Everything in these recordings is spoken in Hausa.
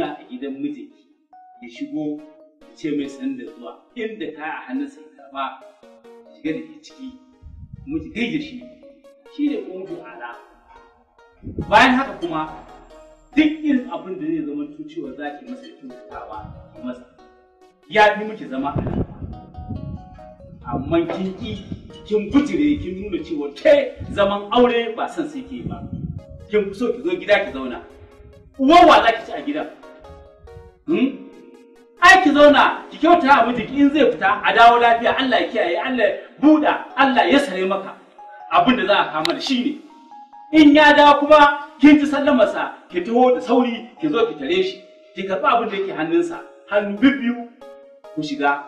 zauna a gidan mijinki ya shigo ya ce mai san da zuwa inda ka a hannunsa ya karba shiga da ke ciki kuma ki gaida shi shi ne ƙungu ala bayan haka kuma duk irin abin da zai zama cewa za ki masa kyautatawa ki masa ya fi miki zama a nan amma kin ki kin gujire kin nuna cewa ke zaman aure ba son sai ke ba kin so ki zo gida ki zauna Uwarwa wa za ki ci a gidan ki zauna ki kyauta abu duk in zai fita a dawo lafiya Allah ya kiyaye Allah ya buɗa Allah ya sare maka abin da za a kama da shi ne in ya dawo kuma kin ji sallamarsa ki taho da sauri ki zo ki tare shi ki karɓi abin da yake hannunsa hannu biyu ku shiga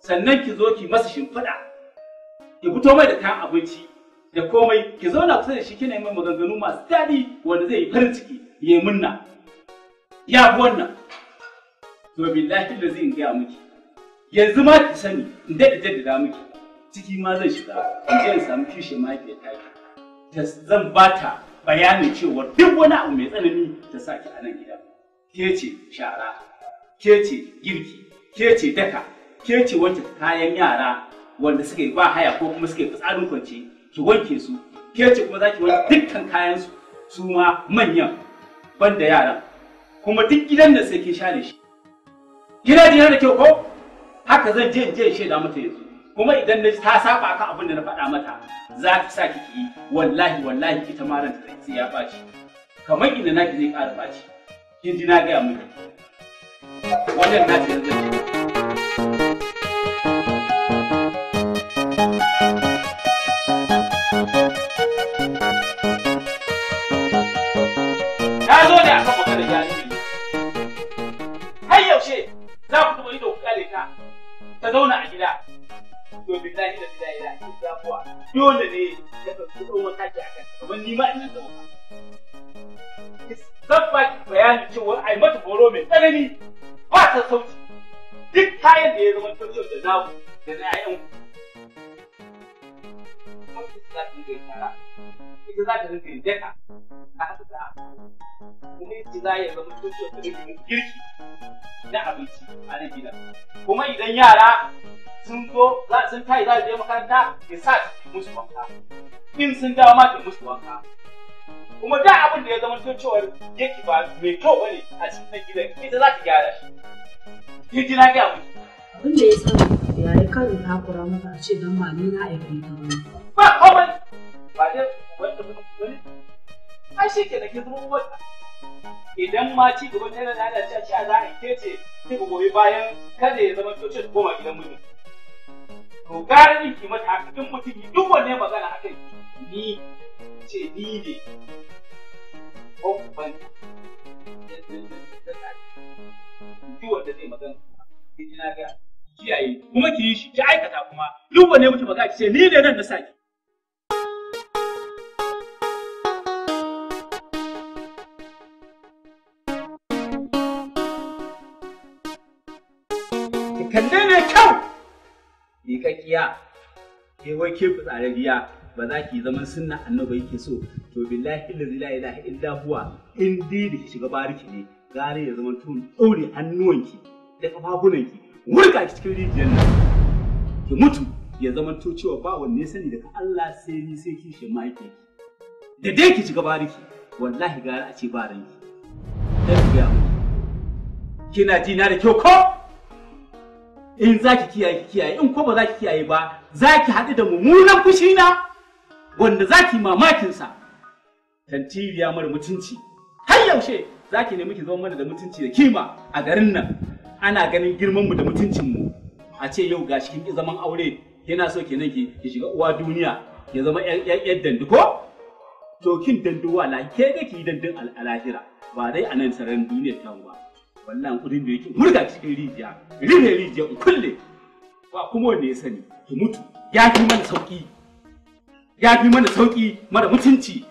sannan ki zo ki masa shimfiɗa ki fito mai da kayan abinci da komai ki zauna kusa da shi kina yi maganganu masu daɗi wanda zai yi farin ciki ya yi ya fi wannan to billahi da zai gaya miki yanzu ma ki sani in da da miki ciki ma zai shiga in ji in samu kishin mahaifiyar ta zan ba ta bayanin cewa duk wani abu mai tsanani ta saki a nan gida ke ce shara ke ce girki ke ce daka ke ce wanke kayan yara wanda suke ba haya ko kuma suke fitsarin kwance ki wanke su ke ce kuma za ki wanke dukkan kayan su su ma manyan banda yaran kuma duk gidan da sai ke share shi kina jina da kyau ko haka zan je je shaida mata yanzu kuma idan na ta saba kan abin da na faɗa mata za ta sa kiki wallahi wallahi ita ma ranta sai ya baci kamar inda naki zai ƙara baci kin ji na ga miki wannan na ji zan je wanka ki sa ki musu wanka in sun dawo ma ki musu wanka kuma da abin da ya zama to cewa yake ba mai kyau bane a cikin gidan ita za ta gyara shi ki ji na ga mu abin da ya sani ya yi karin takura maka ce don ba ni na aiki ta wani ba komai ba dai wanda ba. wani ai shi ke da ke zama wata idan ma ci gaba ta lalace a za a ke ce ki goyi bayan kada ya zama to ce koma gidan mijin to gara ni ki mata haka duk mutum duk wanne magana haka ni ce ni ne ko ban ki wanda zai magana ki na ga kiyaye kuma ki yi shi ki aikata kuma duk wanne mutum magana ki ce ni ne nan na saki miƙaƙiya ke eh, wai ke fitsarariya ba za ki zaman sunna annaba yake so to billahi la ilaha illa huwa in dai da ki shiga bariki ne gare ya zama tun ɗaure hannuwanki da kafafunanki wurka ki cikin rijiyar nan ki mutu ya zama to cewa ba wanne sani daga Allah sai ni sai ki shi da dai ki shiga bariki wallahi gara a ce ba ranki dan kina ji na da kyau ko in za ki kiyaye ki kiyaye in ko ba za ki kiyaye ba za ki haɗu da mummunan fushi na wanda za ki mamakin sa tantiriya mara mutunci har yaushe za ki nemi ki zama mana da mutunci da kima a garin nan ana ganin girman mu da mutuncin mu a ce yau shi kin ki zaman aure yana so kenan ki ki shiga uwa duniya ya zama yar dandu ko to kin dandu wala ke ga ki dandun al'ahira ba dai a nan sararin duniyar ta ba wallahi kudin da yake murga cikin rijiya rufe rijiya in kulle ba kuma wanda ya sani ki mutu ya fi mana sauki ya fi mana sauki mara mutunci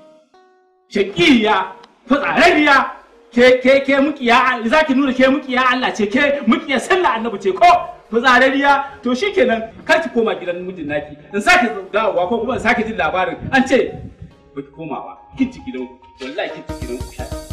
shakiya fitsarariya ke ke ke mukiya za ki nuna ke mukiya Allah ce ke mukiya sallah annabi ce ko fitsarariya to shikenan kar ki koma gidan mijin naki in sake dawowa ko kuma in sake jin labarin an ce ba ki koma ba kin ci gidan wallahi kin ci gidan ku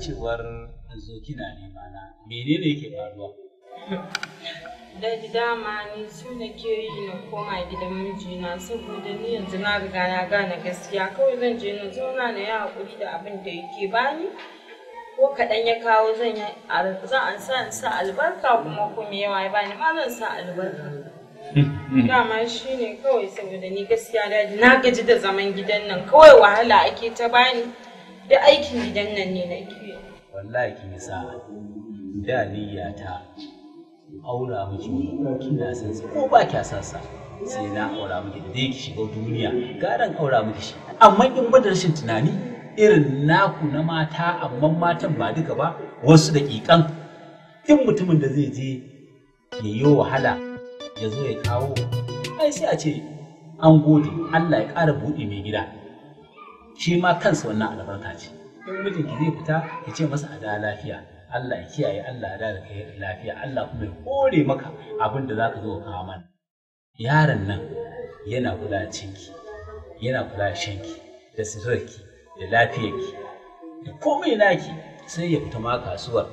cewar zo kina nema na menene yake faruwa da dama ni su nake yi na koma gidan mijina saboda ni yanzu na riga na gane gaskiya kawai zan je na zauna na ya hakuri da abin da yake bani ko kaɗan ya kawo zan yi zan sa in sa albarka kuma kuma yawa ya bani ma zan sa albarka dama shi ne kawai saboda ni gaskiya daji na gaji da zaman gidan nan kawai wahala ake ta bani da aikin gidan nan ne na kiyo wallahi kin sa da niyya ta aura miki kina san ko ba kya san sa sai na aura miki da ki shiga duniya garan aura miki shi amma in ba rashin tunani irin naku na mata amma matan ba duka ba wasu daƙiƙan in mutumin da zai je ya yi wahala ya zo ya kawo ai sai a ce an gode Allah ya ƙara buɗe mai gida shi ma kansa wannan albarka ce in mijinki zai fita ya ce masa a da lafiya Allah ya kiyaye Allah ya da kai lafiya Allah kuma ya kore maka abin da ka zo kawo mana yaron nan yana kula da cinki yana kula da shanki da sirrarki da lafiyarki da komai naki sai ya fita ma kasuwar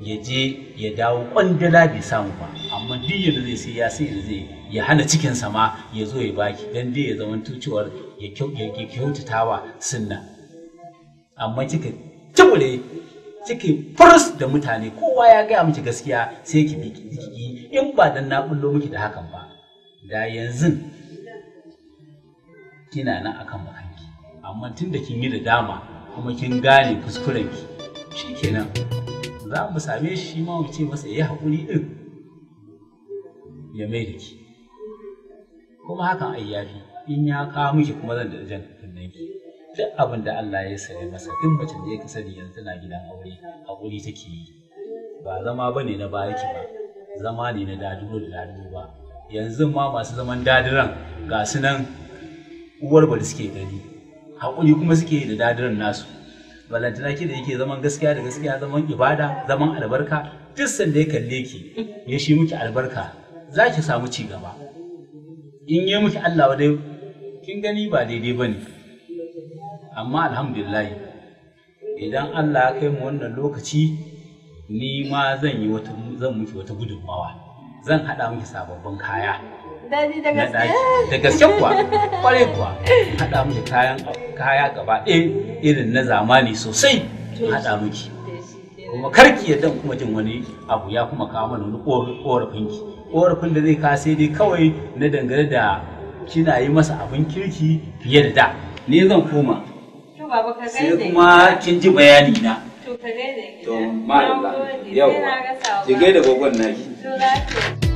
ya je ya dawo kwandala bai samu ba amma duk yadda zai sai ya sai zai ya hana cikinsa ma ya zo ya baki dan dai ya zama cewar ya kyautata wa sunna amma kika jimure kika furs da mutane kowa ya gaya miki gaskiya sai ki biki in ba dan na bullo miki da hakan ba da yanzu kina nan akan bakanki amma tun da kin yi da dama kuma kin gane kuskurenki shikenan za mu same shi ma mu ce masa ya haƙuri din ya mai da ki kuma hakan ai yafi in ya kawo miki kuma zan da jan kunnen ki duk abin da Allah ya sani masa duk mace da ya sani yanzu tana gidan aure Hakuri take yi ba zama bane na baki ba zama ne na daduro da daduro ba yanzu ma masu zaman dadiran ga su nan uwar bari suke gani haƙuri kuma suke yi da dadiran nasu balantana ki da yake zaman gaskiya da gaskiya zaman ibada zaman albarka duk sanda ya kalle ki ya shi miki albarka za ki samu ci gaba in yi miki Allah wadai kin gani ba daidai ba ne amma alhamdulillah idan allah ya kai mu wannan lokaci ni ma zan yi wata zan miki wata gudunmawa zan haɗa miki sababbin kaya da gaske da kuwa kwarai kuwa haɗa miki kayan kaya gaba ɗaya irin na zamani sosai haɗa miki kuma karki yadda kuma jin wani abu ya kuma kawo mana wani ƙorafinki ƙorafin da zai kawo sai dai kawai na dangane da kina yi masa abin kirki fiye da da ni zan koma to baba ka gane. sai kuma kin ji bayani na to ka gane. to ma'alla yau ki gaida gogon naki to lafiya.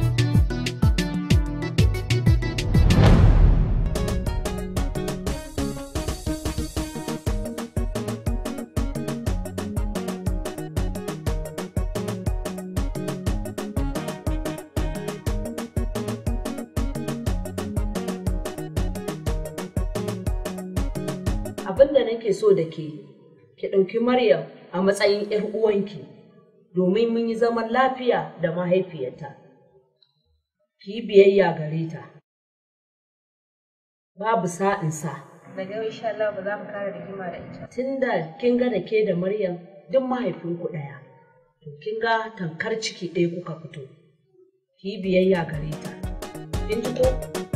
abin da nake so da ke ki ɗauki Maryam a matsayin ‘yar uwanki domin mun yi zaman lafiya da mahaifiyarta. Ki yi biyayya gare ta. Babu sa Daga yau insha Allah ba za mu kara rigima da ita. Tunda kin ga da ke da Maryam duk mahaifinku ɗaya. To kin ga tankar ciki ɗaya kuka fito. Ki yi biyayya gare ta. in ji ko?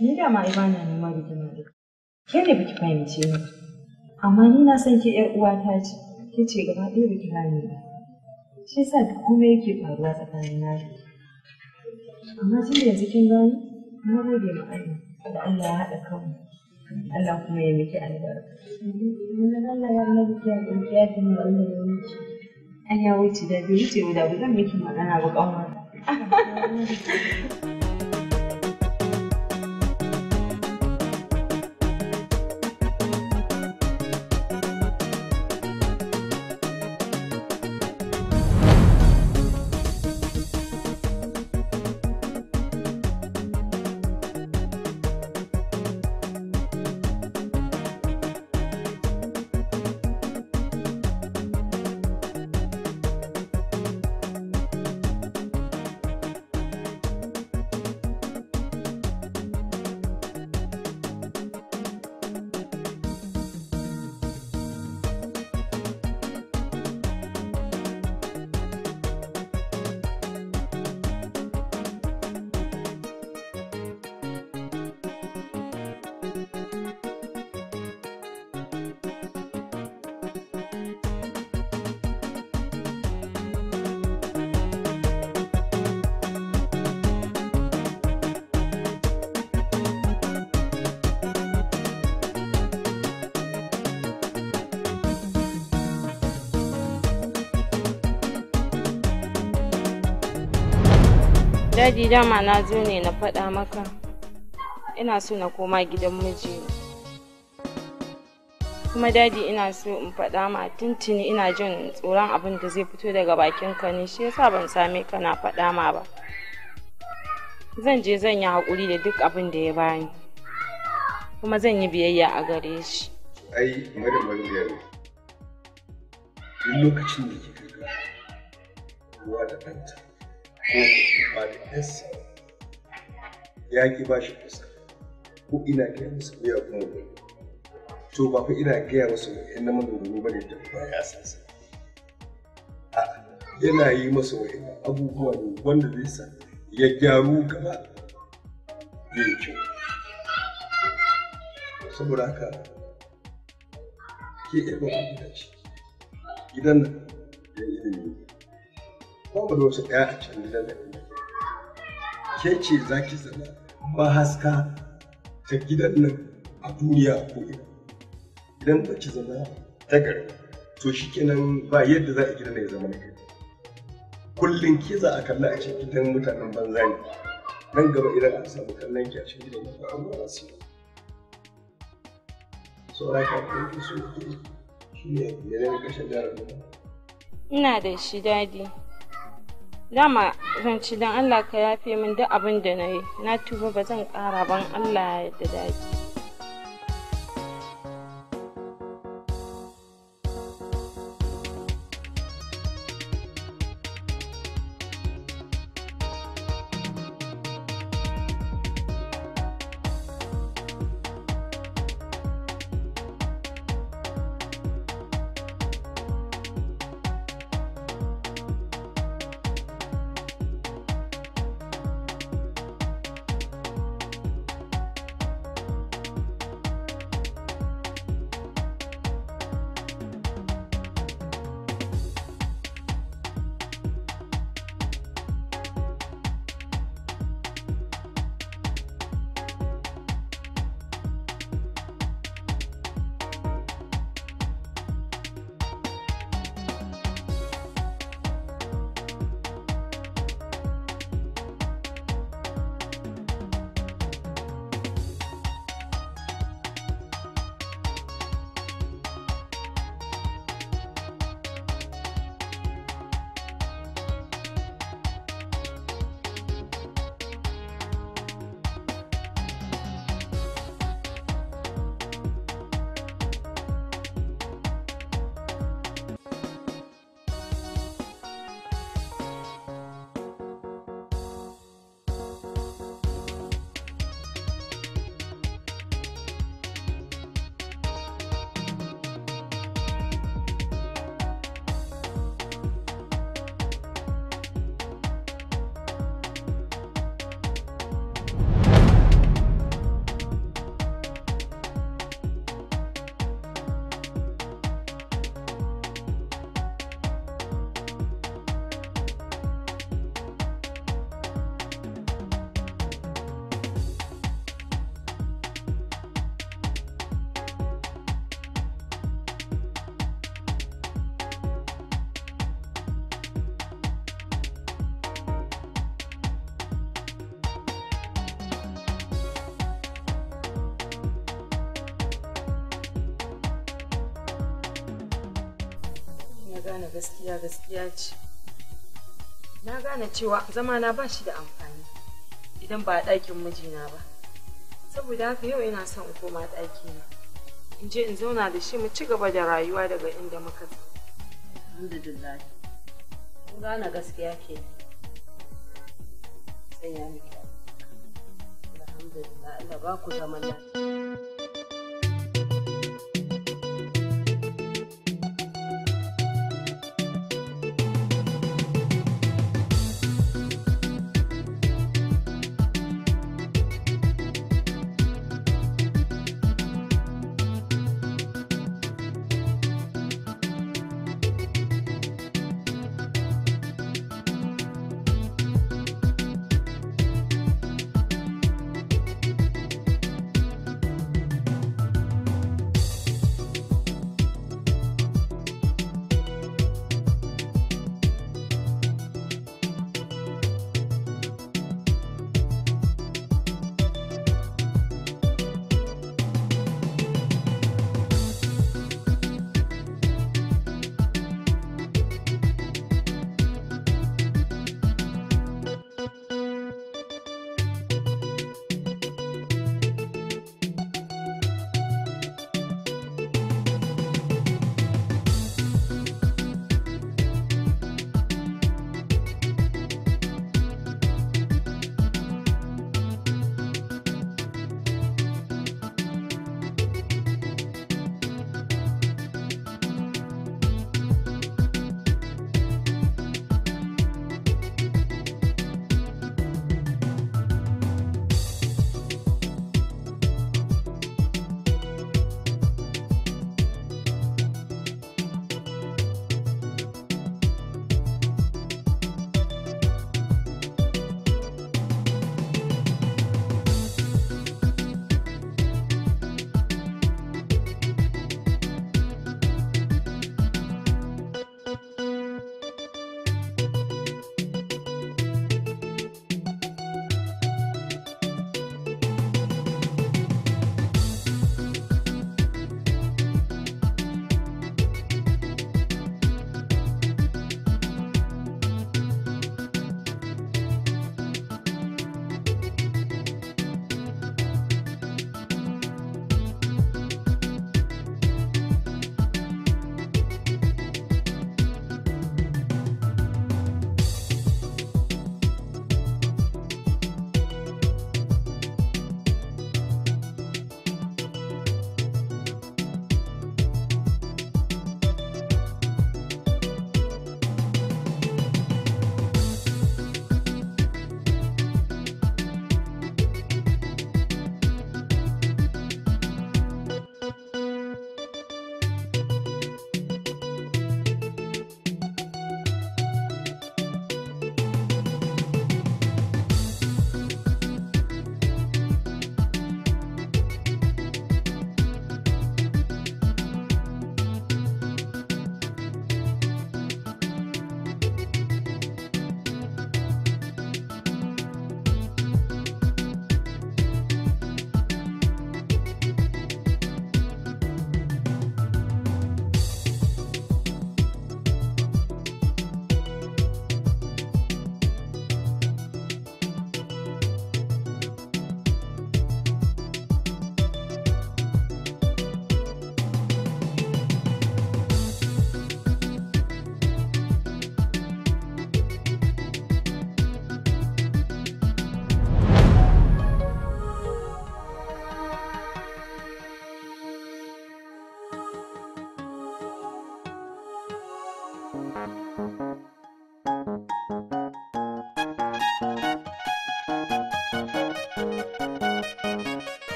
Ni da ma ba na nema rigima da ke ne biki fahimce ni. Amma ni na san ke ƴar uwata ce, ke ce gaba ɗaya biki gane ba. Shi yasa duk komai yake faruwa tsakanin na da Amma tun da yanzu kin gano, na gode ma Allah da Allah ya haɗa kanmu. Allah kuma ya miki albarka. Wannan Allah ya miki ya miki ya tuni wannan ya miki. An ya wuce da bai wuce da ba zan miki magana ba ƙanwa. Daji dama na zo ne na faɗa maka. Ina so na koma gidan miji. Kuma daji ina so in faɗa ma tuntuni ina jin tsoron abin da zai fito daga bakin ka ne shi yasa ban same ka na faɗa ma ba. Zan je zan yi haƙuri da duk abin da ya bani. Kuma zan yi biyayya a gare shi. Ai, madam ya ne. Duk lokacin da kika ga ruwa da ɗanta. ko ba da ɗansa ya ki ba shi kusa ko ina gaya musu biya kuma ba to ba fa ina gaya musu yan na manogoro ba ne ta ba ya san yana yi masa wa'in abubuwa ne wanda zai sa ya gyaru gaba ya yi kyau saboda haka ke ɗaya ba gidan nan ya yi ilimi ba mu da wasu ɗaya a cikin gidan nan ke ce za ki zama mahaska ta gidan nan a duniya ko ina idan ba ki zama ta gari to shi kenan ba yadda za a gidan ya zama na gari kullum ke za a kalla a cikin gidan mutanen banza ne nan gaba idan an samu kallon ki a cikin gidan ba a mura su saura ka kuma su shi ne da zama ƙarshen jarar ina da shi dadi dama zan ci don allah ka yafe min duk abin da na yi na tuba ba zan kara ban allah ya yarda daji gaskiya gaskiya ce na gane cewa zamana ba shi da amfani idan ba a ɗakin mijina ba saboda haka yau ina son in koma ɗakina in je in zauna da shi mu ci gaba da rayuwa daga inda muka alhamdulillah kun gane gaskiya ke ya miki alhamdulillah Allah ba ku zaman lafiya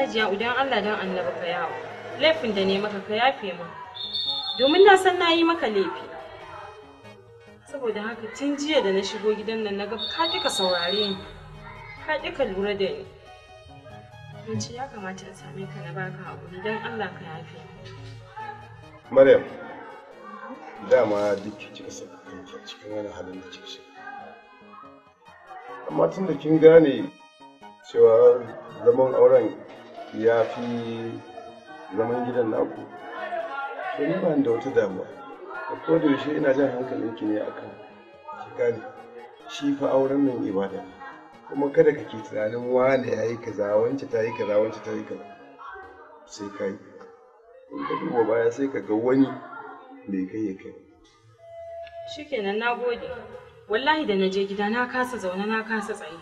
hajiya idan allah don annaba ka yawo laifin da ne maka ka yafe mu. domin na san na yi maka laifi saboda haka tun jiya da na shigo gidan nan na ga ka kika ka saurare ni ka kika ka lura da ni in ce ya kamata a same ka na baka haƙuri don allah ka yafe maryam dama duk kika saka kanki cikin wani halin da kike shiga amma tun da kin gane cewa zaman auren ya fi zaman gidan naku to ni ba da wata damuwa a kodayaushe ina jan hankalinki ne a kan gane shi fa auren nan ibada kuma kada ka ke tunanin wane ya yi kaza wance ta yi kaza wance ta yi kaza sai ka yi in ka duba baya sai ka ga wani bai kai ya kai shikenan na gode wallahi da na je gida na kasa zaune na kasa tsaye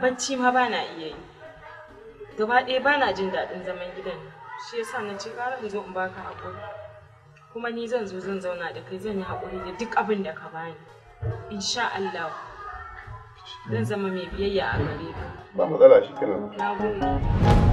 bacci ma bana iya yi gaba ɗaya ba na jin daɗin zaman gidan shi yasa na ce ƙara in zo in baka haƙuri kuma ni zan zo zan zauna da kai zan yi haƙuri da duk abin da ka bani insha Allah zan zama mai biyayya a gare ka ba matsala shi kenan na gode